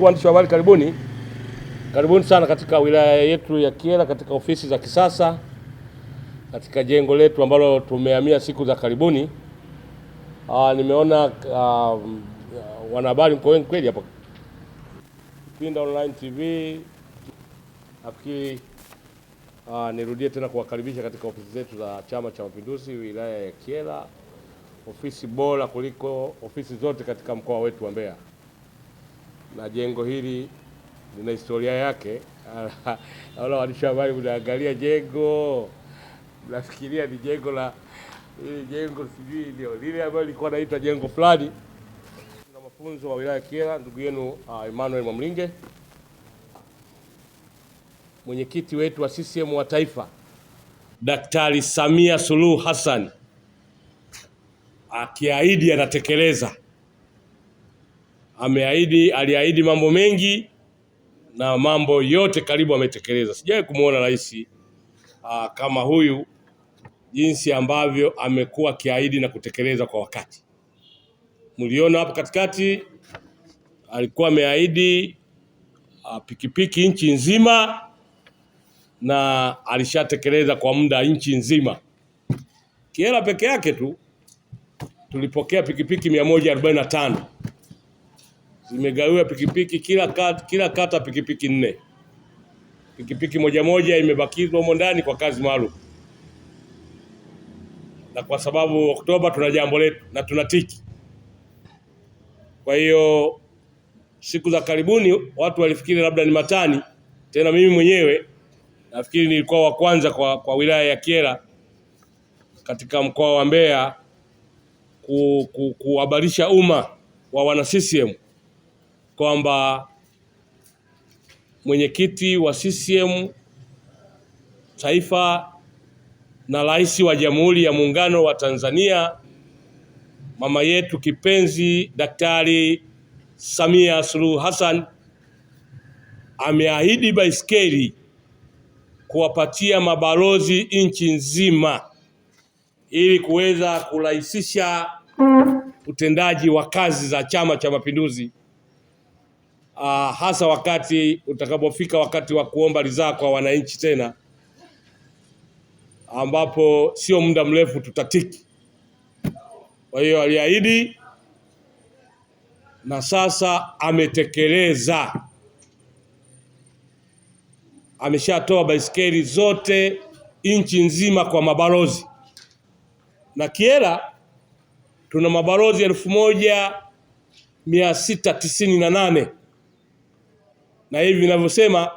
Ndugu waandishi wa habari, karibuni, karibuni sana katika wilaya yetu ya Kyela, katika ofisi za kisasa, katika jengo letu ambalo tumehamia siku za karibuni. Aa, ah, nimeona ah, wanahabari mko wengi kweli hapa Pinda Online TV. Nafikiri ah, nirudie tena kuwakaribisha katika ofisi zetu za Chama cha Mapinduzi wilaya ya Kyela, ofisi bora kuliko ofisi zote katika mkoa wetu wa Mbeya na jengo hili lina historia yake. Naona waandishi habari mnaangalia jengo, mnafikiria ni jengo la hili jengo sijui ndio lile ambalo lilikuwa naitwa jengo fulani. Tuna mafunzo wa wilaya Kyela, ndugu yenu uh, Emmanuel Mwamlinge, mwenyekiti wetu wa CCM wa taifa Daktari Samia Suluhu Hassan akiahidi anatekeleza ameahidi, aliahidi mambo mengi na mambo yote karibu ametekeleza. Sijawahi kumwona rais ah, kama huyu, jinsi ambavyo amekuwa akiahidi na kutekeleza kwa wakati. Mliona hapo katikati alikuwa ameahidi ah, pikipiki nchi nzima na alishatekeleza kwa muda nchi nzima. Kiela peke yake tu tulipokea pikipiki mia moja arobaini na tano zimegawiwa pikipiki kila kata, kila kata pikipiki nne, pikipiki moja moja imebakizwa humo ndani kwa kazi maalum, na kwa sababu Oktoba tuna jambo letu na tuna tiki. Kwa hiyo siku za karibuni watu walifikiri labda ni matani, tena mimi mwenyewe nafikiri nilikuwa wa kwanza kwa, kwa wilaya ya Kyela katika mkoa wa Mbeya kuhabarisha ku, umma wa wana CCM kwamba mwenyekiti wa CCM taifa na rais wa Jamhuri ya Muungano wa Tanzania mama yetu kipenzi Daktari Samia Suluhu Hassan ameahidi baiskeli kuwapatia mabalozi nchi nzima ili kuweza kurahisisha utendaji wa kazi za Chama cha Mapinduzi uh, hasa wakati utakapofika wakati wa kuomba ridhaa kwa wananchi tena, ambapo sio muda mrefu tutatiki. Kwa hiyo aliahidi na sasa ametekeleza, ameshatoa baisikeli zote nchi nzima kwa mabalozi, na kiela tuna mabalozi elfu moja mia sita tisini na nane na hivi ninavyosema,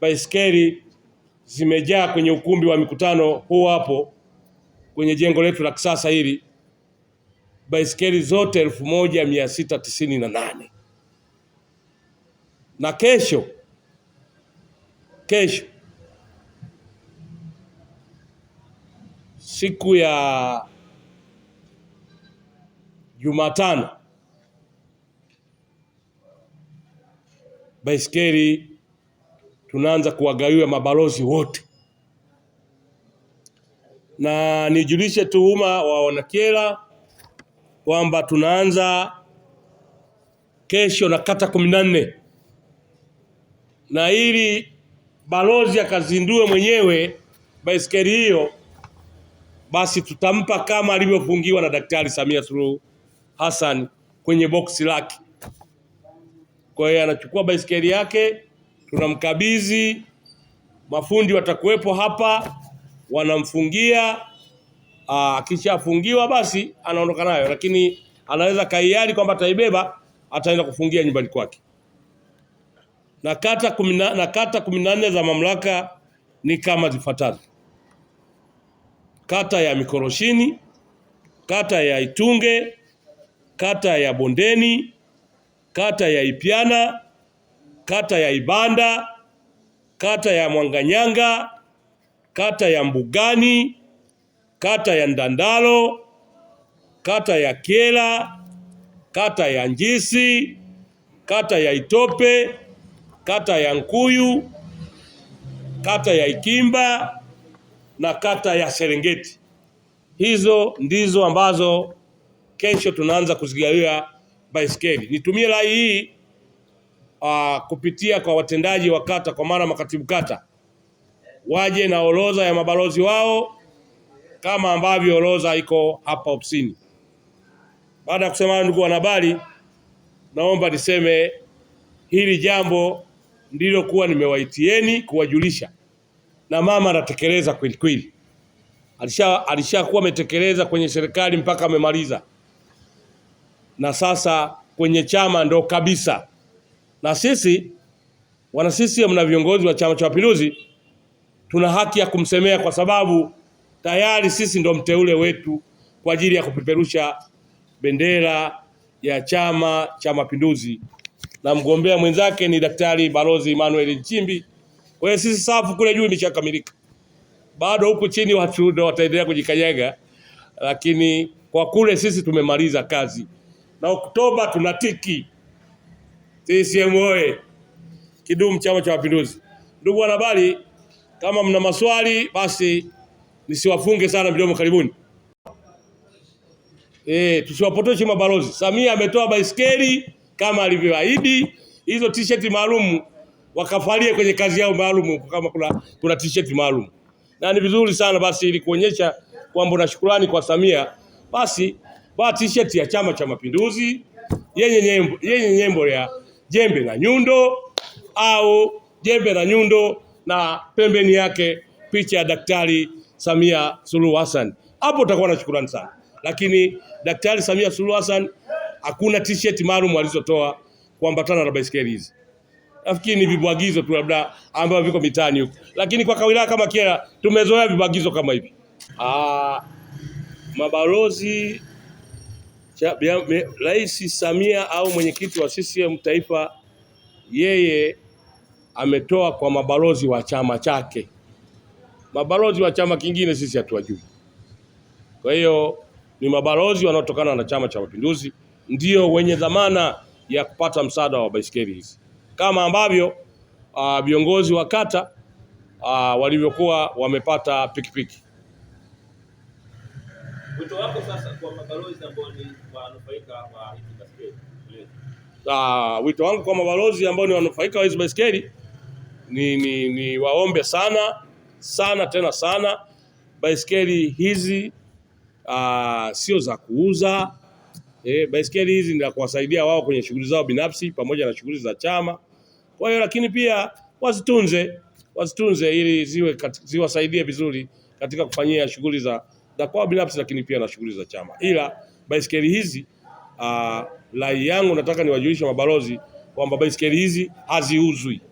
baiskeli zimejaa kwenye ukumbi wa mikutano huu hapo kwenye jengo letu la kisasa hili, baiskeli zote elfu moja mia sita tisini na nane na kesho kesho siku ya Jumatano baiskeli, tunaanza kuwagawia mabalozi wote. Na nijulishe tu umma wa Wanakyela kwamba tunaanza kesho na kata kumi na nne na ili balozi akazindue mwenyewe baiskeli hiyo, basi tutampa kama alivyofungiwa na Daktari Samia Suluhu Hassan kwenye boksi lake. Kwa hiyo anachukua baisikeli yake, tunamkabidhi, mafundi watakuwepo hapa, wanamfungia. Ah, akishafungiwa basi anaondoka nayo, lakini anaweza kaiari kwamba ataibeba, ataenda kufungia nyumbani kwake. Na kata kumi na kata kumi na nne za mamlaka ni kama zifuatazo: kata ya Mikoroshini, kata ya Itunge, kata ya Bondeni kata ya Ipyana, kata ya Ibanda, kata ya Mwanganyanga, kata ya Mbugani, kata ya Ndandalo, kata ya Kiela, kata ya Njisi, kata ya Itope, kata ya Nkuyu, kata ya Ikimba na kata ya Serengeti. Hizo ndizo ambazo kesho tunaanza kuzigawia baiskeli. Nitumie rai hii uh, kupitia kwa watendaji wa kata, kwa maana makatibu kata waje na orodha ya mabalozi wao kama ambavyo orodha iko hapa ofisini. Baada ya kusema, ndugu wanahabari, naomba niseme hili jambo ndilo kuwa nimewaitieni kuwajulisha, na mama anatekeleza kweli kweli, alishakuwa alisha ametekeleza kwenye serikali mpaka amemaliza na sasa kwenye chama ndo kabisa. Na sisi wana CCM na viongozi wa Chama cha Mapinduzi tuna haki ya kumsemea kwa sababu tayari sisi ndo mteule wetu kwa ajili ya kupeperusha bendera ya Chama cha Mapinduzi, na mgombea mwenzake ni Daktari Balozi Emmanuel Nchimbi. Kwa hiyo sisi safu kule juu imeshakamilika, bado huku chini watu wataendelea kujikanyaga, lakini kwa kule sisi tumemaliza kazi na Oktoba tunatiki. CCM oye! Kidumu Chama cha Mapinduzi! Ndugu wanahabari, kama mna maswali basi nisiwafunge sana midomo. Karibuni e, tusiwapotoshe mabalozi. Samia ametoa baisikeli kama alivyoahidi, hizo t-shirt maalum wakafalie kwenye kazi yao maalum, kama kuna, kuna t-shirt maalum na ni vizuri sana basi, ili kuonyesha kwamba na shukrani kwa Samia basi vaa t-shirt ya Chama cha Mapinduzi yenye nyembo, yenye nyembo ya jembe na nyundo au jembe na nyundo na pembeni yake picha ya Daktari Samia Suluhu Hassan. Hapo utakuwa na shukrani sana, lakini Daktari Samia Suluhu Hassan hakuna t-shirt maalum alizotoa kuambatana na baiskeli hizi. Nafikiri ni vibwagizo tu labda ambavyo viko mitaani huko, lakini kwa kawaida kama Kyela tumezoea vibwagizo kama hivi. Ah, mabalozi Rais Samia au mwenyekiti wa CCM Taifa, yeye ametoa kwa mabalozi wa chama chake. Mabalozi wa chama kingine sisi hatuwajui. Kwa hiyo ni mabalozi wanaotokana na Chama cha Mapinduzi ndio wenye dhamana ya kupata msaada wa baisikeli hizi, kama ambavyo ah, viongozi wa kata ah, walivyokuwa wamepata pikipiki. Wito wako sasa kwa mabalozi ambao ni wanufaika wa hizi Ah, wito wangu kwa mabalozi ambao ni wanufaika wa hizi baiskeli ni, ni, ni waombe sana sana tena sana baiskeli hizi aa, ah, sio za kuuza e, eh, baiskeli hizi ni za kuwasaidia wao kwenye shughuli zao binafsi pamoja na shughuli za chama. Kwa hiyo lakini pia wazitunze wazitunze ili ziwe ziwasaidie vizuri katika kufanyia shughuli za za kwao binafsi, lakini pia na shughuli za chama. Ila baisikeli hizi uh, rai yangu nataka niwajulishe mabalozi kwamba baisikeli hizi haziuzwi.